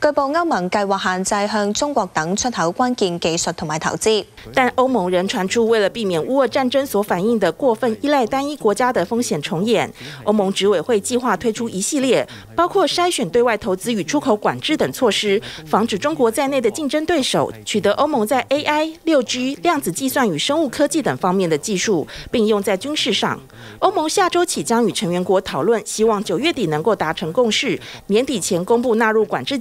據報歐盟計劃限制向中國等出口關鍵技術同埋投資。但歐盟仍傳出，為了避免烏俄戰爭所反映的過分依賴單一國家的風險重演，歐盟執委會計劃推出一系列包括篩選對外投資與出口管制等措施，防止中國在內的競爭對手取得歐盟在 AI、六 G、量子計算與生物科技等方面的技術，並用在軍事上。歐盟下周起將與成員國討論，希望九月底能夠達成共識，年底前公布納入管制。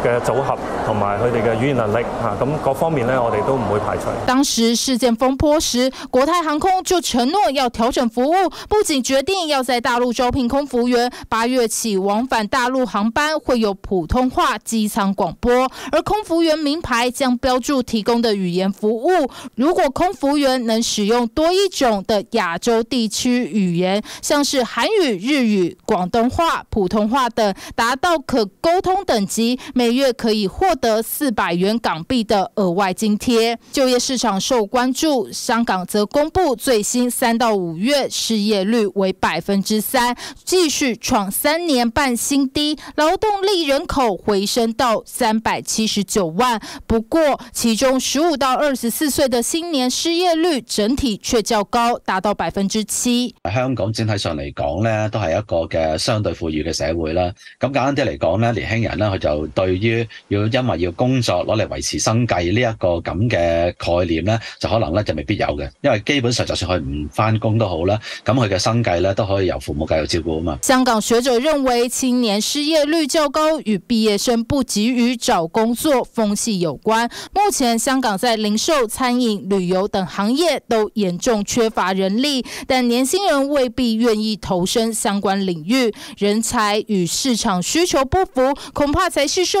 嘅組合同埋佢哋嘅語言能力吓，咁、啊、各方面咧，我哋都唔會排除。當時事件風波時，國泰航空就承諾要調整服務，不僅決定要在大陸招聘空服員，八月起往返大陸航班會有普通話機艙廣播，而空服員名牌將標註提供的語言服務。如果空服員能使用多一種的亞洲地區語言，像是韓語、日語、廣東話、普通話等，達到可溝通等級，每月可以獲得四百元港幣的額外津貼。就業市場受關注，香港則公布最新三到五月失業率為百分之三，繼續創三年半新低。勞動力人口回升到三百七十九萬，不過其中十五到二十四歲的青年失業率整體却較高，達到百分之七。香港整體上嚟講呢，都係一個嘅相對富裕嘅社會啦。咁簡單啲嚟講呢，年輕人呢，佢就對於要因為要工作攞嚟維持生計呢一個咁嘅概念咧，就可能咧就未必有嘅，因為基本上就算佢唔翻工都好啦，咁佢嘅生計咧都可以由父母繼續照顧啊嘛。香港學者認為，青年失業率較高，與畢業生不急於找工作風氣有關，目前香港在零售、餐飲、旅遊等行業都嚴重缺乏人力，但年輕人未必願意投身相關領域，人才與市場需求不符，恐怕才是社。